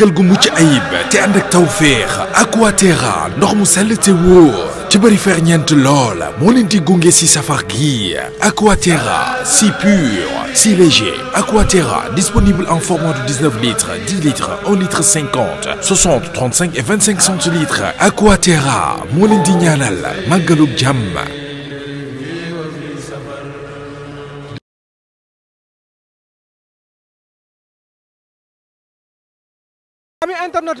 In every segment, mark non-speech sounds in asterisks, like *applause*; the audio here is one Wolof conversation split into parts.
màggal gu mucc ayib te ànd ak tawféex Aquaterra ndox mu sell te wóor ci bëri fer ñeent lool moo leen di gunge si safar gi Aquaterra si pur si léger Aquaterra disponible en format de 19 litres 10 litres 1 litre 50 60 35 et 25 centilitres Aquaterra moo leen di ñaanal màggalug jàmm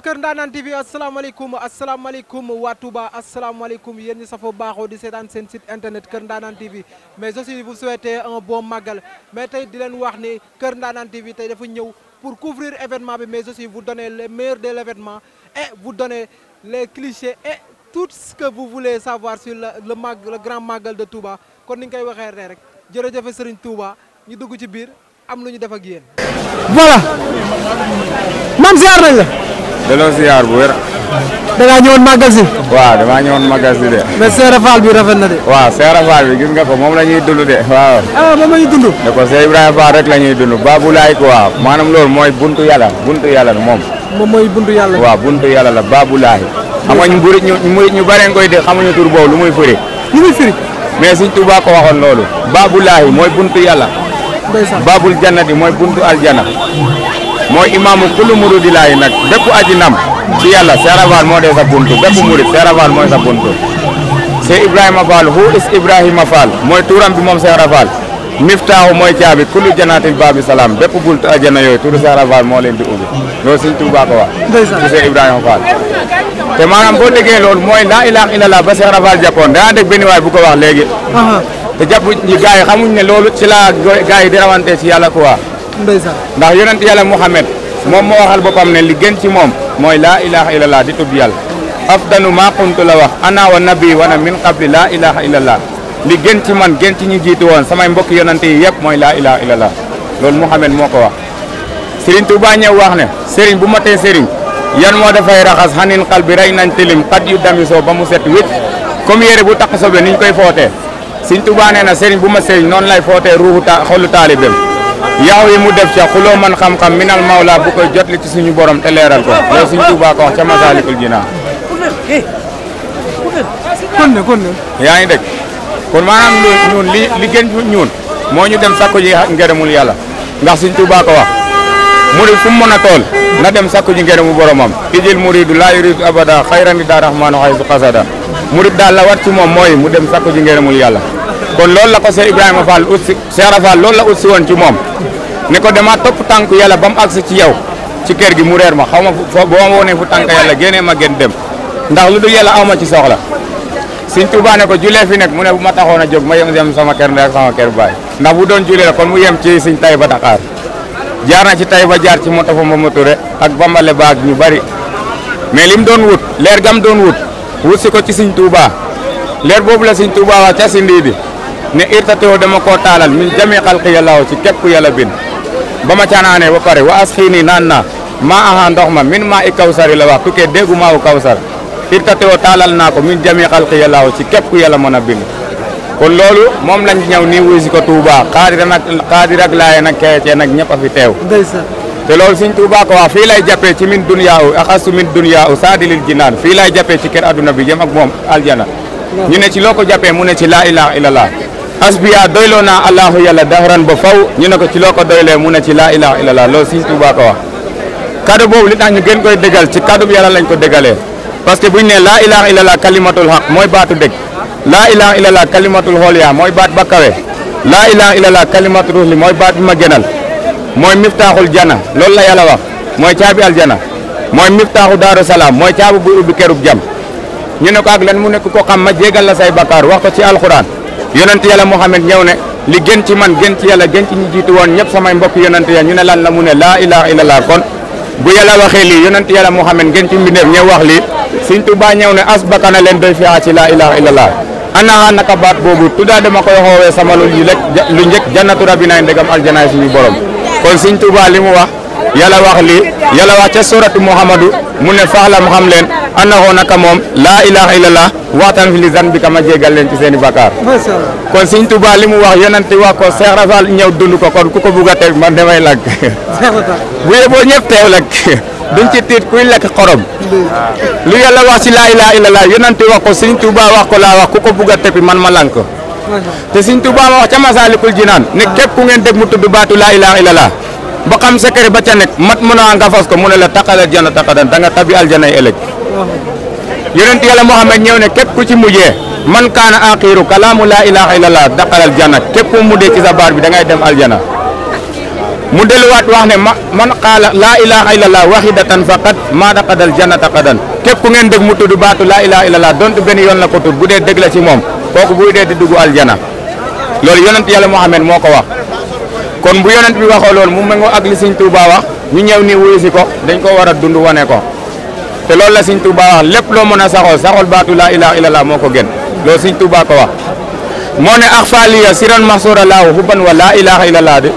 internet Kër Ndanane TV asalaamaaleykum asalaamaaleykum waa Touba asalaamaaleykum yéen ñi safoo baaxoo di seetaan seen site internet Kër Ndanane TV mais aussi vous souhaitez un bon màggal mais tey di leen wax ni Kër Ndanane TV tey dafa ñëw pour couvrir événement bi mais aussi bu donner les meilleurs de l'événement et vous donner les clichés et tout ce que vous voulez savoir sur la le, mag, le grand màggal de Touba kon ni ñu koy waxee rek jërëjëf Serigne Touba ñu dugg ci biir am lu ñu def ak yéen. voilà. delloo ziar bu wér. da ngaa ñëwoon màggal si. waaw damaa ñëwoon màggal si de. bi rafet na de. waaw seerafaal bi gis nga ko moom la ñuy dund de waaw. Ah, moom la ñuy dund. ne ko Seydou Ibrahima rek la ñuy dund Babou Laye quoi maanaam loolu mooy buntu yàlla buntu yàlla moom. moom mooy buntu yàlla. waaw buntu yàlla la Babou Laye. xam nga ñu bëri ñu ñu ñu bëree koy dégg xamuñu tur boobu lu muy firi. lu muy firi. mais Sëriñ Tuubaa ko waxoon loolu. Babou Laye mooy buntu yàlla. ndeysaan Babul jannati mooy buntu aljana mooy imaamu kullu muridi laay nag bépp aji nam ci yàlla Seera Fall moo dee sa buntu bépp murid Seera Fall mooy sa buntu c'est Ibrahima Fall who is Ibrahima Fall mooy tuuram bi moom Seera Fall miftaahu mooy caabi kullu janaatil baabi salaam bépp buntu ajana yooyu turu Seera Fall moo leen di ubbi loolu Sëñ wax te maanaam boo déggee loolu mooy laa ilaaha illallaah ba Seera Fall jàppoon danaa dégg benn waay bu ko wax léegi te jàpp ñi gars yi xamuñ ne loolu ci la gars yi di rawante ci yàlla quoi ndeysaan ndax yonent yàlla Muhammad moom moo waxal boppam ne li ci moom mooy laa ilaha illallah di tudd yàlla afdanu maa kuntu la wax ana wa nabi wana min qabli laa ilaha illallah li gën ci man gën ci ñu jiitu woon samay mbokki yonante yi yëpp mooy laa ilaha illallah loolu Muhammad moo ko wax Serigne Touba ñëw wax ne Serigne bu matee Serigne yan moo dafay raxas xanin xal bi rey nañ tilim xat yu damisoo ba mu set wit comme yére bu taq sobe niñ koy footee Serigne Touba na Serigne bu ma Serigne noonu lay footee ruuxu ta yaaw mu def ca xuloo man xam-xam minal mawla bu koy jotli ci suñu borom te leeral ko loolu suñ Tuubaa ko wax ca Masaalikul Jinaan kon ne kon ne yaa ngi dégg kon li li gën ñun moo ñu dem sakku ji ngërëmul yàlla ndax suñ Tuubaa ko wax mu fu mu mën a tool na dem sakku ji ngërëmu boromam ijil muridu laa yuridu abada xayrani daa rahmaanu xaysu xasada murid daal la wat ci moom mooy mu dem sakku ji ngërëmul yàlla kon loolu la ko Cheikh Ibrahima Fall ut si loolu la ut si woon ci moom ne ko dama topp tànk yàlla ba mu agsi ci yow ci kër gi mu reer ma xaw ma fo boo ma wonee fu tànk yàlla génnee ma gën dem ndax lu dul yàlla aw ma ci soxla Sëñ Tuubaa ne ko julee fi nekk mu ne bu ma taxoon a jóg ma yem yem sama kër ndey ak sama kër baay ndax bu doon julee la kon mu yem ci Sëñ Tayba Dakar jaar na ci Tayba jaar ci moto fa Mama Touré ak Bambale baag ñu bari mais lim doon wut leer gam doon wut wut si ko ci Sëñ Tuubaa leer boobu la Sëñ Tuubaa wax ca si ne irtatewoo dama koo taalal min jami xalqi yàllaaw ci képp yàlla bin ba ma ca naanee ba pare wa as xii naan naa maa aha ndox ma min maa i kawsar yi la wax tukkee déggu maa u kawsar irtatewoo taalal naa ko min jami xalqi ci kepp yàlla mën a bind kon loolu moom lañ ñëw nii wuy si ko Touba xaadira nag xaadir ak laaye nag keecee nag ñëpp a fi teew te loolu suñ Touba ko wax fii lay jàppee ci min duniyaa u axasu min duniyaa u saadilil jinaan fii lay jàppee ci kër adduna bi jëm ak moom aljana ñu ne ci loo ko jàppee mu ne ci laa ilaha asbiya doyloo naa allahu yàlla dahran ba faw ñu ne ko ci loo ko doylee mu ne ci laa ilaha illallah loolu si wax kaddu li tax ñu gën koy dëggal ci kaddu bu yàlla lañ ko dëggalee parce que buñ ne laa ilaha illallah kalimatul haq mooy baatu dëgg laa ilaha illallah kalimatul xool yaa mooy baat ba kawe laa ilaha illallah kalimatul ruhli mooy baat bi ma gënal mooy miftaaxul jana loolu la yalla wax mooy caabi aljana mooy miftaaxu daaru salaam mooy caabu buy ubbi k jam ñu ne ko ak lan mu nekk ko xam ma jégal la say bakkaar wax ko ci alxuraan yonent yàlla Muhammad ñëw ne li gën ci man gën ci yàlla gën ci ñi jiitu woon ñëpp samay mbokk yonent ya ñu ne lan la mu ne laa ilaha illallah kon bu yàlla waxee lii yonent yàlla Muhammad ngeen ci mbindeef ñëw wax lii Sëñ Tuubaa ñëw ne asbaka na leen doy fi ci laa ilaha illallah ana naka baat boobu tuddaa dama koy xoowee sama lu njëkk lu njëkk jannatu rabinaay ndegam aljanaay suñu borom kon Sëñ Tuubaa li mu wax yàlla wax lii yàlla wax ca suratu mu ne faalam xam leen annahu naka moom laa ilaha illallah waxtaan fi li zan bi a jégal leen ci seen i bakkaar kon Sëñ Tuubaa li mu wax yonanti wax ko Seex Rafal ñëw dund ko kon ku ko bugg a teg man damay lakk bu yeboo ñëpp teew lakk duñ ci tiit kuy lekk xorom lu yàlla wax ci laa ilaha illallah yonanti wax ko Sëñ Tuubaa wax ko laa wax ku ko bugg a teg man ma lank te Sëñ Tuubaa ma wax ca Masaalikul Jinaan ne képp ku ngeen dégg mu tudd baatu laa boo xam secret ba ca nekk mat mën a nga fas ko mu ne la taqal aljana taqadan da nga tabi aljana ëllëg yonent yàlla Muhammad ñëw ne képp ku ci mujjee man kaana axiru kalaamu laa ilaaha illallah daqal aljana képp ku mujjee ci sa baar bi da ngay dem aljana delluwaat wax ne ma man qaala laa ilaaha illallah waxidatan faqat maa daqal aljana taqadan képp ku ngeen dégg mu tudd baatu laa ilaaha illallah dont benn yoon la ko tudd bu dee dégg la ci moom kooku buy dee di dugg aljana loolu yonent yàlla Muhammad moo ko wax. kon bu yonent bi waxoo loolu mu méngoo ak li Sëñ Tuubaa wax ñu ñëw ni wuyu si ko dañ koo war a dund wane ko te loolu la Sëñ Tuubaa wax lépp loo mën a saxoo saxol baatu laa ilaaha illallaah moo ko gën loolu Sëñ Tuubaa ko wax moo ne ak faali ya siran maxsuura laahu hubban wa laa ilaaha laa de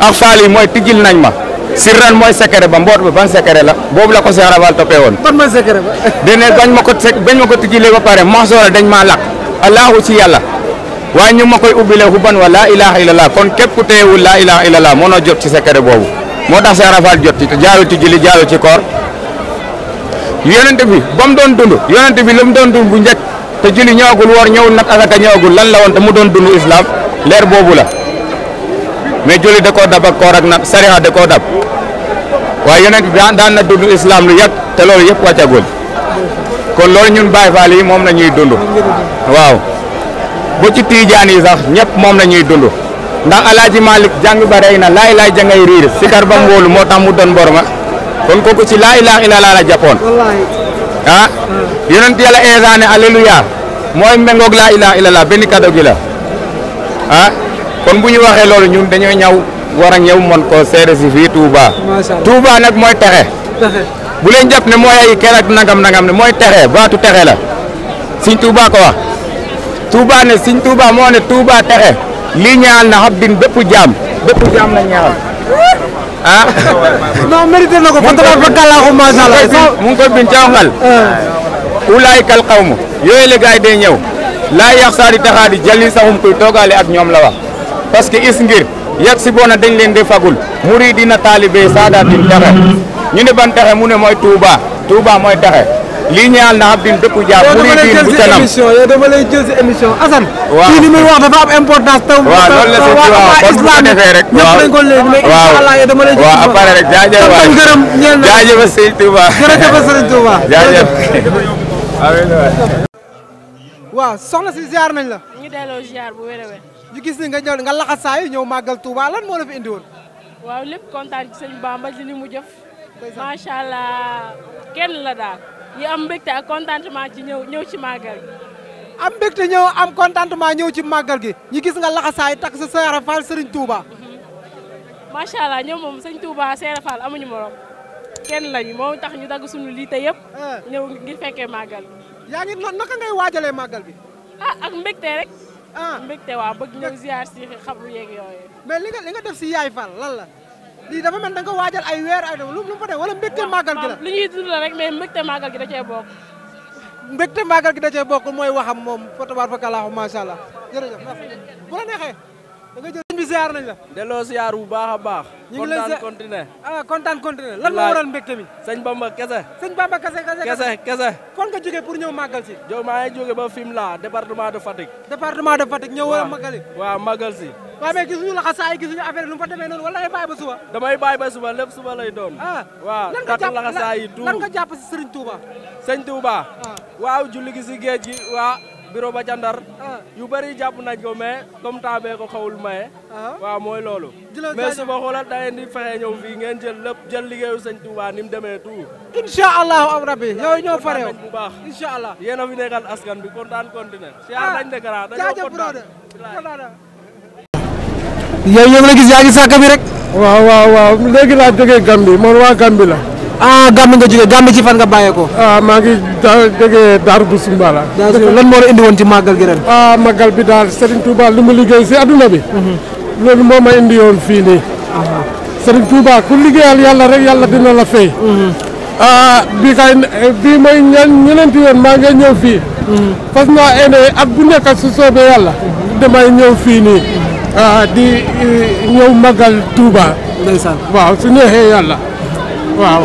ak faali mooy tijjil nañ ma sirran mooy secret ba mboot ba ban secret la boobu la ko Seex Rafaal toppee woon. ban mooy secret ba. dene bañ ma ko bañ ma ko tijjilee ba pare maxsuura dañ maa lakk allahu ci yàlla. waaye ñu ma koy ubbile xuban wa laa ilaha illallah kon képp ku teewul laa ilaha illallah mënoo jot ci secret boobu moo tax Cheikh Rafal jot ci te jaarul ci julli bi ba doon dund yonent bi lu mu doon dund bu njëkk te julli ñëwagul woor ñëwul lan la woon te doon dund islam leer boobu la mais julli da koo dab ak koor ak nag waaye yonent bi daan na dund islam lu yàgg te loolu yëpp wàccagul kon loolu ñun Baay Faal moom la ñuy dund waaw. ba ci tiijaan yi sax ñëpp moom la ñuy dund ndax alaaji malik jàng ba rey na laay laay jangay riir sikar ba mboolu moo tax mu doon boroma kon kooku ci laa ilaaha illallaah la jàppoon a ah. yonent yàlla Iisaa ne alléluia mooy méngoog laa ilaaha illallaah benn kado gi la kon bu ñu waxee loolu ñun dañoo ñaw war a ñëw mën koo seere si fii Touba Touba nag mooy texe bu leen jàpp ne mooy ay keroog nangam nangam ne mooy texe baatu texe la Sëñ Touba ko wax Touba ne Sëñ Touba moo ne Touba texe lii ñaal na xam din bépp jaam bépp jaam la ñaal ah. non mérité na ko fa tabax ba kàllaaxu macha allah. mu ngi koy bin ca kal xaw yooyu la gars yi day ñëw. laay yàq saa di taxaa di jëli saxum kuy toogaale ak ñoom la wax. parce que is ngir yàgg si boona dañ leen de fagul. muri dina taalibe saadaat din texe. ñu ne ban texe mu ne mooy Touba. Touba mooy texe. lii ñaal na abdin bépp jaam muridin bu ca nam yow dama lay jël si émission Assane kii li muy wax dafa am importance taw waaw loolu la si waaw kon bu ko defee rek ñëpp dañ ko léegi mais incha allah *laughs* *laughs* si ziar nañ la ñu delloo ziar bu wér a wér ñu gis ni nga ñëw nga laxasaayu ñëw màggal Touba lan fi indi woon waaw kontaan ci sëñ Bamba li mu jëf macha allah kenn la daal yi am mbégte ak contentement ci ñëw ñëw ci màggal gi. am mbégte ñëw am contentement ñëw ci màggal gi ñi gis nga laxasaay takk sa Seera Fall sëriñ Touba. Mm-hmm. macha allah ñoom moom sëñ Touba Seera Fall amuñu morom kenn lañu moo tax ñu dagg suñu lii te yëpp. Eh. ñëw ngir fekkee màggal gi. yaa ngi noonu naka ngay waajalee màggal gi. ah ak mbégte rek. ah waa bëgg ñëw ziar si xabru yeeg yooyu. mais li nga li nga def si Yaay Fall lan la. lii dafa mel da nga waajal ay weer ay lu mu fa def wala mbégte màggal gi la lu ñuy dund la rek mais mbégte màggal gi da cee bokk mbégte màggal gi da cee bokk mooy waxam moom fa tabaar fa kalaahu macha allah ziar nañ la. delloo ziar bu baax a baax. ñu ngi lay kontaan continué. ah kontaan continué lan moo waral mbégte mi. sëñ Bamba kese. sëñ Bamba kese kese kese kese. kon nga jógee pour ñëw màggal si. jo maa ba Fimela département de Fatick. département de Fatick ñëw war a màggal si. waaw màggal si. waaw mais gisuñu la xasaay gisuñu affaire fa demee noonu wala ay bàyyi ba suba. damay bàyyi ba suba lépp suba lay doon. Ah. lan nga jàpp si Serigne Touba. Serigne Touba. Ah. waaw julli gi si waa bureau ba ca ah. yu bari jàpp nañ ko mais comme temps bee ko xawul maye. Ah. waaw mooy loolu. mais suba xoolal da ngeen di fexe ñëw fii ngeen jël lépp jël liggéeyu sëñ Touba ni demee tout. incha allah am rabbi yow ñoo faree bu baax incha allah. yéen a fi nekkal askan bi kontaan continué. ah jaajëf bro la gis yaa ngi sàkk bi rek. waaw waaw waaw léegi laa jógee Gambie man waa Gambie la. ah Gàmbi nga jógee Gàmbi ci fan nga bàyyeekoo. ah maa ngi daa jógee Darou Boussoumbaala. lan moo la indi woon ci màggal gi ren. ah màggal bi daal Serigne Touba li mu liggéey si adduna bi. Mhm. loolu moo ma indi yoon fii nii. Serigne Touba ku liggéeyal yàlla rek yàlla dina la fay. Mhm. ah mooy ñaan ñeneenti yoon maa ngi ñëw fii. Mhm. fas yàlla. ñëw fii nii. ah di eh, waaw su ñëwee yàlla waaw.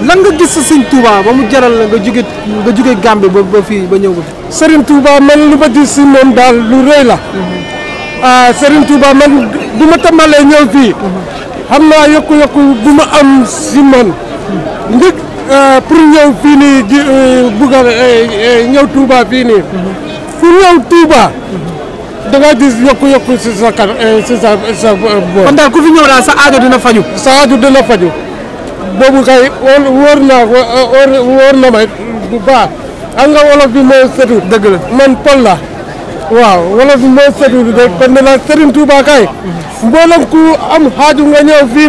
lan nga gis sa sëñ Touba mu jaral la nga jóge nga jóge Gambie ba ba fii ba ñëw ba fi. Serigne Touba man lu ma gis si moom daal lu rëy la. Mm-hmm. ah Serigne Touba man bu ma tamalee ñëw fii. Mm-hmm. xam naa yokku-yokku bu ma am si man. Mm-hmm. ndik ah, pour ñëw fii nii ji eh, bugg a eh, eh, ñëw Touba fii nii. pour ñëw Touba. da ngaa gis yokku si sa kan si sa sa boor. kon daal ku fi ñëw daal sa aajo dina faju sa aajo dina faju boobu kay wóor naa ko wóor na ma bu baax xam nga wolof bi moo setu dëgg la man pol la waaw wolof bi moo setu de kon nag Serigne Touba kay am xaaju nga ñëw fii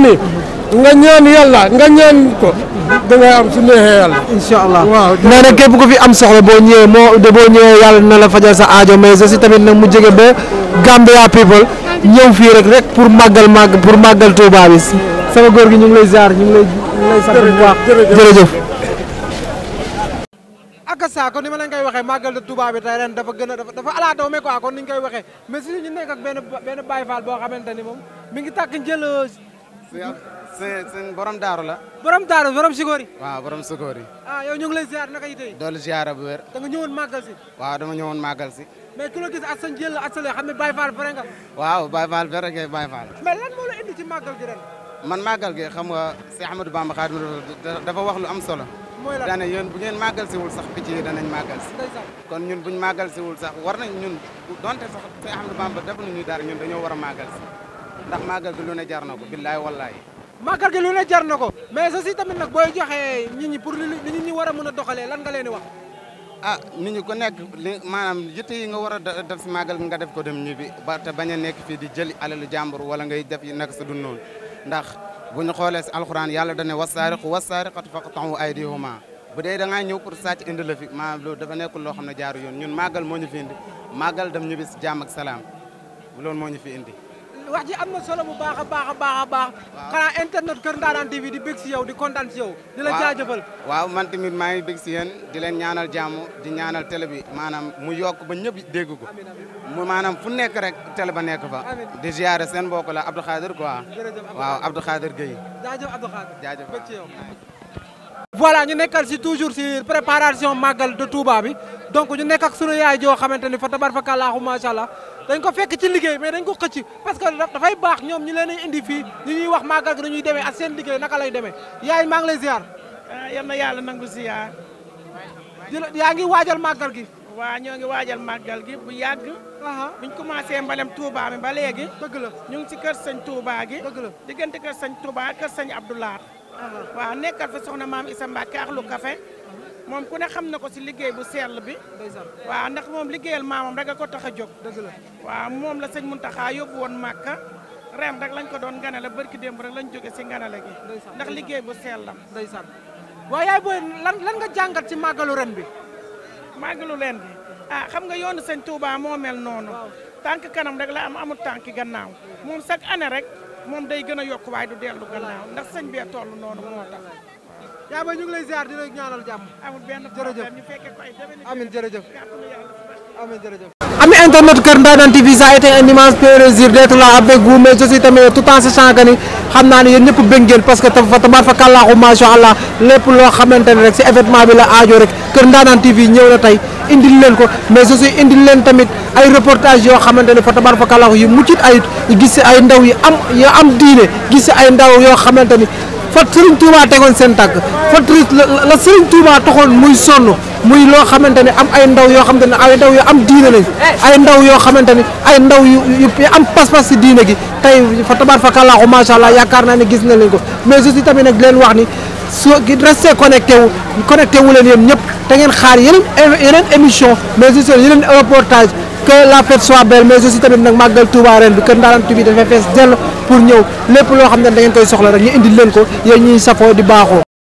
nga ñaan yàlla nga ñaan ko dangay am su neexee yàlla. incha allah waaw nee na képp ku fi am soxla boo ñëwee moo de boo ñëwee la fajal sa aajo mais aussi tamit nag mu jege ba Gambia people ñëw fii rek rek pour màggal màgg pour màggal Touba bi sama góor gi ñu ngi lay ziar ñu ngi jërëjëf jërëjëf. ak saa kon ni ma leen koy waxee màggal de Touba bi tey ren dafa gën a dafa dafa ala daw me quoi kon ni ñu koy waxee mais si ñu nekk ak benn benn faal Fall boo xamante ni moom mi ngi tàkk njël. Euh, seen borom daaru la. borom daaru borom Sikori. waaw borom Sikori. ah yow ñu ngi lay ziar naka yi tey. doolu ziara bu wér. da nga ñëwoon màggal si. waaw dama ñëwoon màggal si. mais ku la gis ak sa njël ak sa lee xam ne Baye Fall vrai nga. waaw Baye Fall vrai nga Baye Fall. mais la indi man màggal gi xam nga si Ahmadou Bamba Xaadimu dafa wax lu am solo. mooy lan daanaka bu ngeen màggal wul sax picc yi danañ màggal si. kon ñun buñ màggal wul sax war nañ ñun donte sax si Ahmadou Bamba defuñu dara ñun dañoo war a màggal si ndax màggal gi lu ne jar na ko billaay wallaay. màggal gi lu ne jar na ko mais ceci tamit nag booy joxee nit ñi pour li nit ñi war a mën a doxalee lan nga leen di wax. ah nu ñu ko nekk li maanaam yitte yi nga war a def si màggal nga def ko dem ñibbi ba te bañ a nekk fii di jëli alalu jàmbur wala ngay def yi nag sa ndax bu ñu xoolee si alxuraan yàlla dane wasaariqu wasaariqatu faqta'u aydiyahuma bu dee da ngaa ñëw pour sàcc indi la fi maa loolu dafa nekkul loo xam ne jaaru yoon ñun màggal moo ñu fi indi màggal dam ñu bis jàmm ak salaam loolu moo ñu fi indi wax ji am na solo bu baax a baax a baax a baax xanaa internet Kër Ndanane TV di bég si yow di kontaan si di la jaajëfal waaw man tamit maa ngi bég si yéen di leen ñaanal jàmm di ñaanal télé bi maanaam mu yokk ba ñëpp dégg ko mu maanaam fu nekk rek télé ba nekk fa di ziare seen mbokk la Abdou Khadir quoi waaw Abdou Khadir Gueye jaajëf Abdou Khadir jaajëf bég ci yow voilà ñu nekkal si toujours si préparation màggal de Touba bi donc ñu nekk ak sunu yaay joo xamante ni fa tabarfakallahu macha allah dañ ko fekk ci liggéey mais dañ ko xëcc parce que dafay baax ñoom ñu leen ay indi fii ñu ñuy wax màggal gi dañuy demee ak seen liggéey naka lay demee yaay maa ngi lay ziar. Ah, yal na yàlla nangu ziar. yaa ngi waajal màggal gi. waaw ñoo ngi waajal màggal gi bu yàgg. buñ commencé mbalem Touba mi ba léegi. dëgg la ñu ngi ci kër sañ Touba gi. dëgg la diggante kër sëñ Touba kër sëñ Abdoulaye. Ah, waaw nekkal fa soxna maam Issa Mbacke ak lu kafe moom ku ne xam na ko si liggéey bu sell bi waa ndax moom liggéeyal maamam rek a ko tax a jóg waaw moom la sëñ Muntaxa yóbbu woon Màkka ren rek lañ ko doon ganale barki démb rek lañ jóge si ganale gi ndax liggéey bu seel lam waaw yaay booy lan lan nga jàngat ci màggalu ren bi màggalu ren bi a ah, xam nga yoonu sëñ tuubaa moo noonu tànk kanam rek la am amul tànk gannaaw moom chaque année rek moom day gën a yokk waaye du dellu gannaaw ndax bee toll noonu moo tax. yaa ngi ñu ngi lay ziar di la ñaanal jàmm. amul benn problème ñu fekkee ko ay déwén. amiin Amis internautes Kër Ndanane TV ça a été un immense plaisir d'être là avec vous mais je suis tamit tout en sachant que ni xam naa ne yéen ñëpp bëgg parce que tafa tabarfakàllaahu macha allah lépp loo xamante ne rek ci événement bi la aajo rek Kër Ndanane TV ñëw na tey indil leen ko mais je suis indil leen tamit ay reportage yoo xamante ne fa tabarfakàllaahu yu muccit ayit gis ay ndaw yi am yu am diine gis ay ndaw yoo xamante ni fat Serigne Touba tegoon seen tàgg fat la Serigne Touba taxoon muy sonn muy loo xamante ne am ay ndaw yoo xamante ne ay ndaw yu am diine lañ ay ndaw yoo xamante ne ay ndaw yu yu am pas-pas si diine gi tey fa tabaar fa kalaaxu macha allah yaakaar naa ne gis na leen ko mais aussi tamit nag leen wax ni su resté connecté wu connecté leen yéen ñëpp te ngeen xaar yeneen émission mais aussi yeneen reportage que la fête soit belle mais aussi tamit nag màggal Touba bi kër Ndanane TV dafay fees dell pour ñëw lépp loo xam ne da ngeen koy soxla rek ñu indil leen ko yéen ñuy safoo di baaxoo